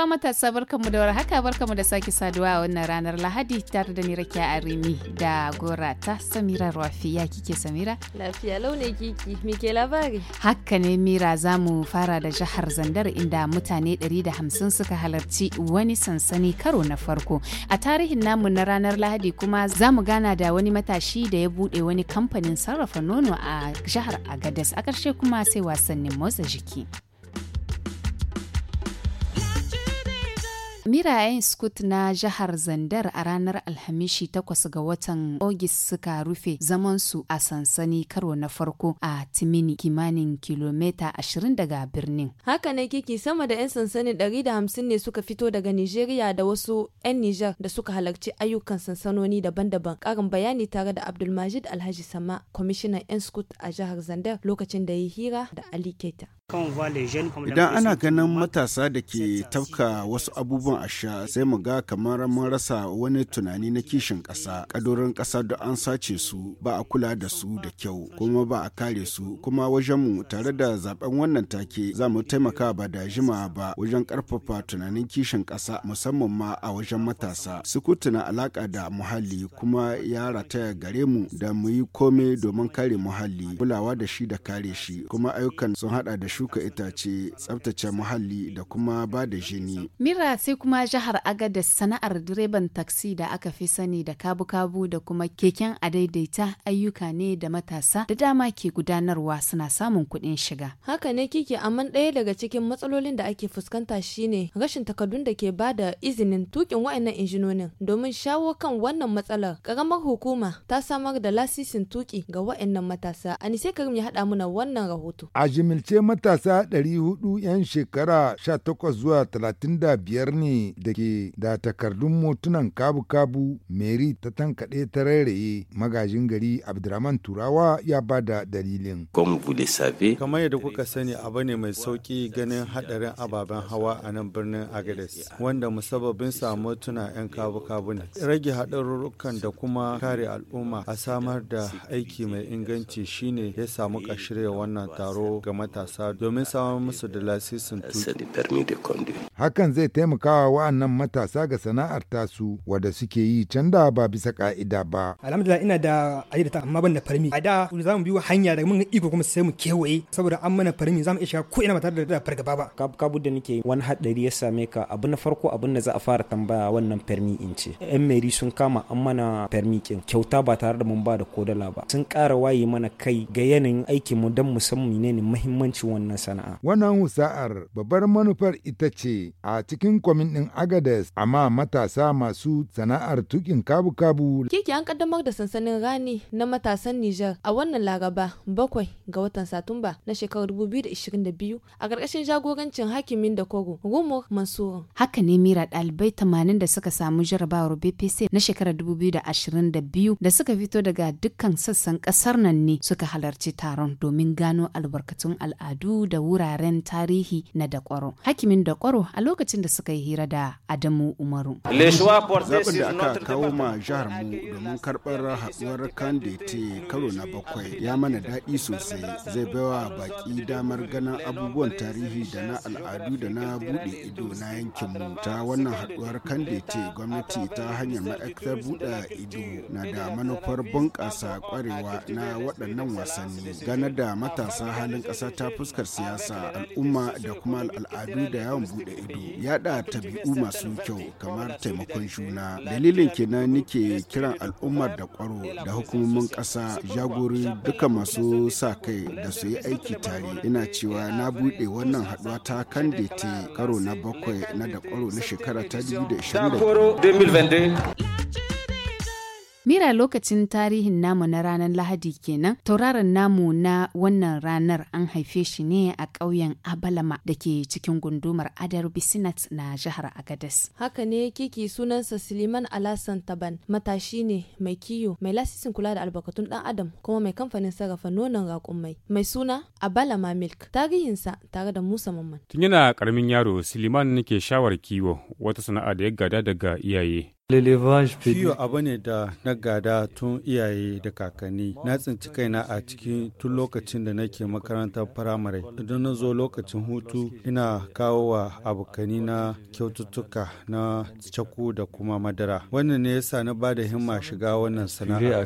uwa matasa barkanmu da war haka barkanmu da sake saduwa a wannan ranar Lahadi tare da ni Rakiya Arimi da Gora ta Samira Rafiya kike Samira? Lafiya kiki muke labari. Haka ne Mira za mu fara da jihar Zandar inda mutane 150 suka halarci wani sansani karo na farko. A tarihin namu na ranar Lahadi kuma za mu gana da wani matashi da ya bude wani kamfanin sarrafa nono a jihar Agadez a ƙarshe kuma sai wasannin motsa jiki. Mirayen Scoot na jihar Zandar a ranar Alhamishi 8 ga watan Ogis suka rufe zamansu a sansani karo na farko a Timini kimanin kilomita 20 daga birnin. Haka ne kiki sama da 'yan sansani 150 ne suka fito daga Nigeria da wasu 'yan Nijar da suka halarci ayyukan sansanoni daban-daban. Karin bayani tare da Abdulmajid Alhaji Sama, kwamishinan 'yan Scoot a jihar Zandar lokacin da ya yi hira da Ali Keita. Idan ana ganin matasa da ke tafka wasu abubuwan a sha sai mu ga kamar mun rasa wani tunani na kishin ƙasa, ƙadorin ƙasa da an sace su ba a kula da su da kyau kuma ba a kare su kuma wajenmu tare da zaben wannan take za mu taimaka ba da jima ba wajen ƙarfafa tunanin kishin ƙasa musamman ma a wajen matasa. sukutuna alaƙa da muhalli kuma ya rataya gare mu da mu yi kome domin kare muhalli, kulawa da shi da kare shi kuma ayyukan sun haɗa da shi. shuka itace tsabtace muhalli da kuma ba da jini mira sai kuma jihar agadez sana'ar direban taksi da aka fi sani da kabu-kabu da kuma keken adaidaita ayyuka ne da matasa da dama ke gudanarwa suna samun kuɗin shiga haka ne kike amma ɗaya daga cikin matsalolin da ake fuskanta shine rashin takardun da ke ba da izinin tukin wa'annan injinonin domin shawo kan wannan matsalar karamar hukuma ta samar da lasisin tuki ga wa'annan matasa anise karim ya haɗa muna wannan rahoto a jimilce mata matasa 400 'yan shekara 18 zuwa 35 ne da ke da takardun motunan kabu-kabu mary ta tankaɗe ta rairaye magajin gari abdurrahman turawa ya ba da dalilin kamar yadda kuka sani abu ne mai sauƙi ganin haɗarin ababen hawa a nan birnin agades wanda musabbabin samu tuna 'yan kabu-kabu ne rage haɗarurrukan da kuma kare al'umma a samar da aiki mai inganci shine ya samu shirya wannan taro ga matasa domin samar musu da lasisin tuki. Hakan zai taimakawa wa'annan matasa ga sana'ar tasu wadda suke yi can da ba bisa ka'ida ba. Alhamdulillah ina da aji da ta amma ban da farmi. A da za mu biyo hanya daga mun iko kuma sai mu kewaye saboda an mana farmi za mu iya ko ina matar tare da fargaba ba. Kabu da nake wani haɗari ya same ka abu na farko abin da za a fara tambaya wannan farmi in ce. 'Yan meri sun kama an mana farmi kin kyauta ba tare da mun ba da kodala ba. Sun ƙara waye mana kai ga yanayin aikinmu don mu san menene muhimmancin wannan wannan sana'a. Wannan husa'ar babbar manufar ita ce a cikin kwamin ɗin Agades amma matasa masu sana'ar tukin kabu-kabu. Kiki an kaddamar da sansanin rani na matasan Nijar a wannan Laraba bakwai ga watan Satumba na shekarar 2022 a ƙarƙashin jagorancin hakimin da Kogo Rumur Mansur. Haka ne mira ɗalibai 80 da suka samu jarabawar BPC na shekarar 2022 da suka fito daga dukkan sassan ƙasar nan ne suka halarci taron domin gano albarkatun al'adu al'adu da wuraren tarihi na Dakwaro. Hakimin Dakwaro a lokacin da suka yi hira da Adamu Umaru. Zaɓin da aka kawo ma jihar mu domin karɓar haɗuwar Kandete karo na bakwai ya mana daɗi sosai zai baiwa baƙi damar ganin abubuwan tarihi da na al'adu da na buɗe ido na yankin mu ta wannan haɗuwar Kandete gwamnati ta hanyar ma'aikatar buɗe ido na da manufar bunƙasa ƙwarewa na waɗannan wasanni ganar da matasa halin ƙasa ta fuska harkar siyasa al'umma da kuma al'adu da yawon bude ido da tabi'u masu kyau kamar taimakon juna dalilin kenan nike kiran al'ummar da kwaro da hukumomin ƙasa jagori duka masu sa kai da su yi aiki tare ina cewa na bude wannan haduwa ta kan karo na bakwai na da kwaro na shekara ta 2022 Mira lokacin tarihin namu na ranar Lahadi kenan, tauraron namu na wannan ranar an haife shi ne a ƙauyen Abalama da ke cikin gundumar Adar Bisinat na jihar agadas. Haka ne kiki sunansa Suleiman Alasan Taban, matashi ne mai kiyo, mai lasisin kula da albarkatun ɗan Adam kuma mai kamfanin sarrafa nonon raƙumai. Mai suna Abalama Milk, tarihinsa tare da Musa Mamman. Tun yana ƙaramin yaro, Suleiman ke shawar kiwo, wata sana'a da ya gada daga iyaye. Kiwo abu ne da na gada tun iyaye da kakanni. Na tsinci kaina a cikin tun lokacin da nake makarantar firamare. Idan na zo lokacin hutu ina kawo wa abokani na kyaututtuka na caku da kuma madara. Wannan ne yasa na ba da himma shiga wannan sana'a.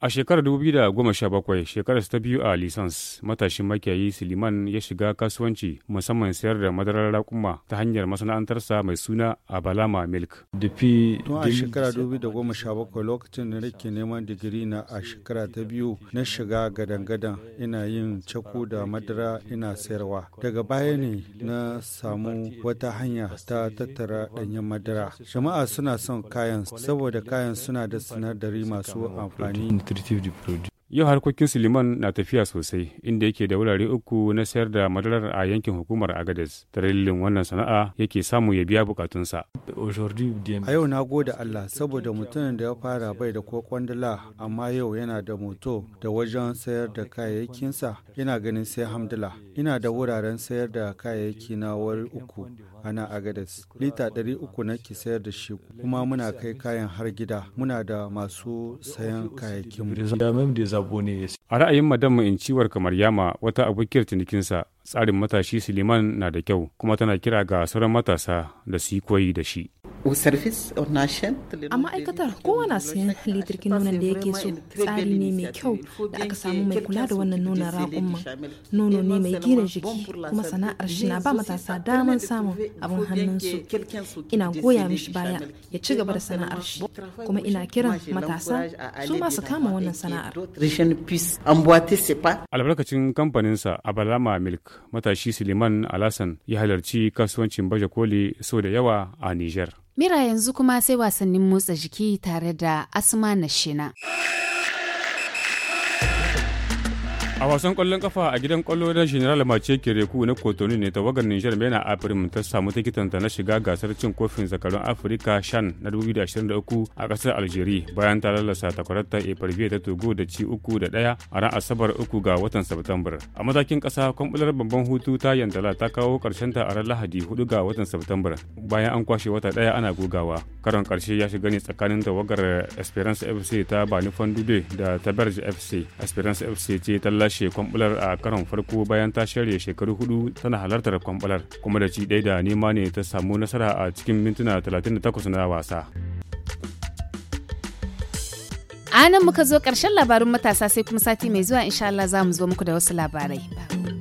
A shekarar 2017 shekarar ta biyu a lisans matashin makiyayi siliman ya shiga kasuwanci musamman sayar da madarar raƙuma ta hanyar masana'antarsa mai suna a Abalama milk tun a shekara 2017 lokacin da nake neman digiri na a shekara ta biyu na shiga gadan-gadan ina yin cako da madara ina sayarwa daga baya ne na samu wata hanya ta tattara ɗanyen madara jama'a suna son kayan saboda kayan suna da sinadari masu amfani Yau harkokin Suleiman na tafiya sosai inda yake da wurare uku na sayar da madarar a yankin hukumar Agadez. Dalilin wannan sana'a yake samu ya biya bukatunsa. A yau na gode Allah saboda mutumin da ya fara bai da ko kwandala amma yau yana da moto da wajen sayar da kayayyakinsa yana ganin sai hamdala. Ina da wuraren sayar da kayayyaki na wari uku a Agadez. Lita ɗari uku nake sayar da shi kuma muna kai kayan har gida. Muna da masu sayan kayayyakin. sabo ne. A ra'ayin madam in ciwar kamar yama wata abokiyar cinikinsa tsarin matashi Suleiman na da kyau kuma tana kira ga sauran matasa da su koyi da shi. a ma'aikatar kowa na sayan litirkin nonon da yake so tsari ne mai kyau da aka samu mai kula da wannan nuna raƙumman nono ne mai gina jiki kuma sana'ar shi na ba matasa damar samun abin hannunsu ina goya mishi baya ya ci gaba da sana'ar shi kuma ina kiran matasa su ma kama wannan sana'ar albarkacin kamfaninsa abalama milk matashi suleiman alasan ya halarci kasuwancin baje koli sau da yawa a niger Mira yanzu kuma sai wasannin motsa jiki tare da Asma na Shina. a wasan kwallon kafa a gidan kwallo na general mace kereku na kotoni ne tawagar niger mena afirin ta samu tikitanta na shiga gasar cin kofin zakarun afirka shan na 2023 a kasar algeria bayan ta lalasa takwararta efarbiya ta togo da ci uku da daya a ran asabar uku ga watan september a matakin kasa kwambular babban hutu ta yandala ta kawo karshen ta a ran lahadi hudu ga watan september bayan an kwashe wata daya ana gogawa karon karshe ya shiga ne tsakanin tawagar esperance fc ta bani fandude da taberge fc esperance fc ce ta lashe kwambular a karon farko bayan ta shirya shekaru hudu tana halartar kwambular kuma da ci ɗaya da nema ne ta samu nasara a cikin mintuna 38 na wasa. A nan muka zo ƙarshen labarun matasa sai kuma sati mai zuwa insha Allah za mu zo muku da wasu labarai.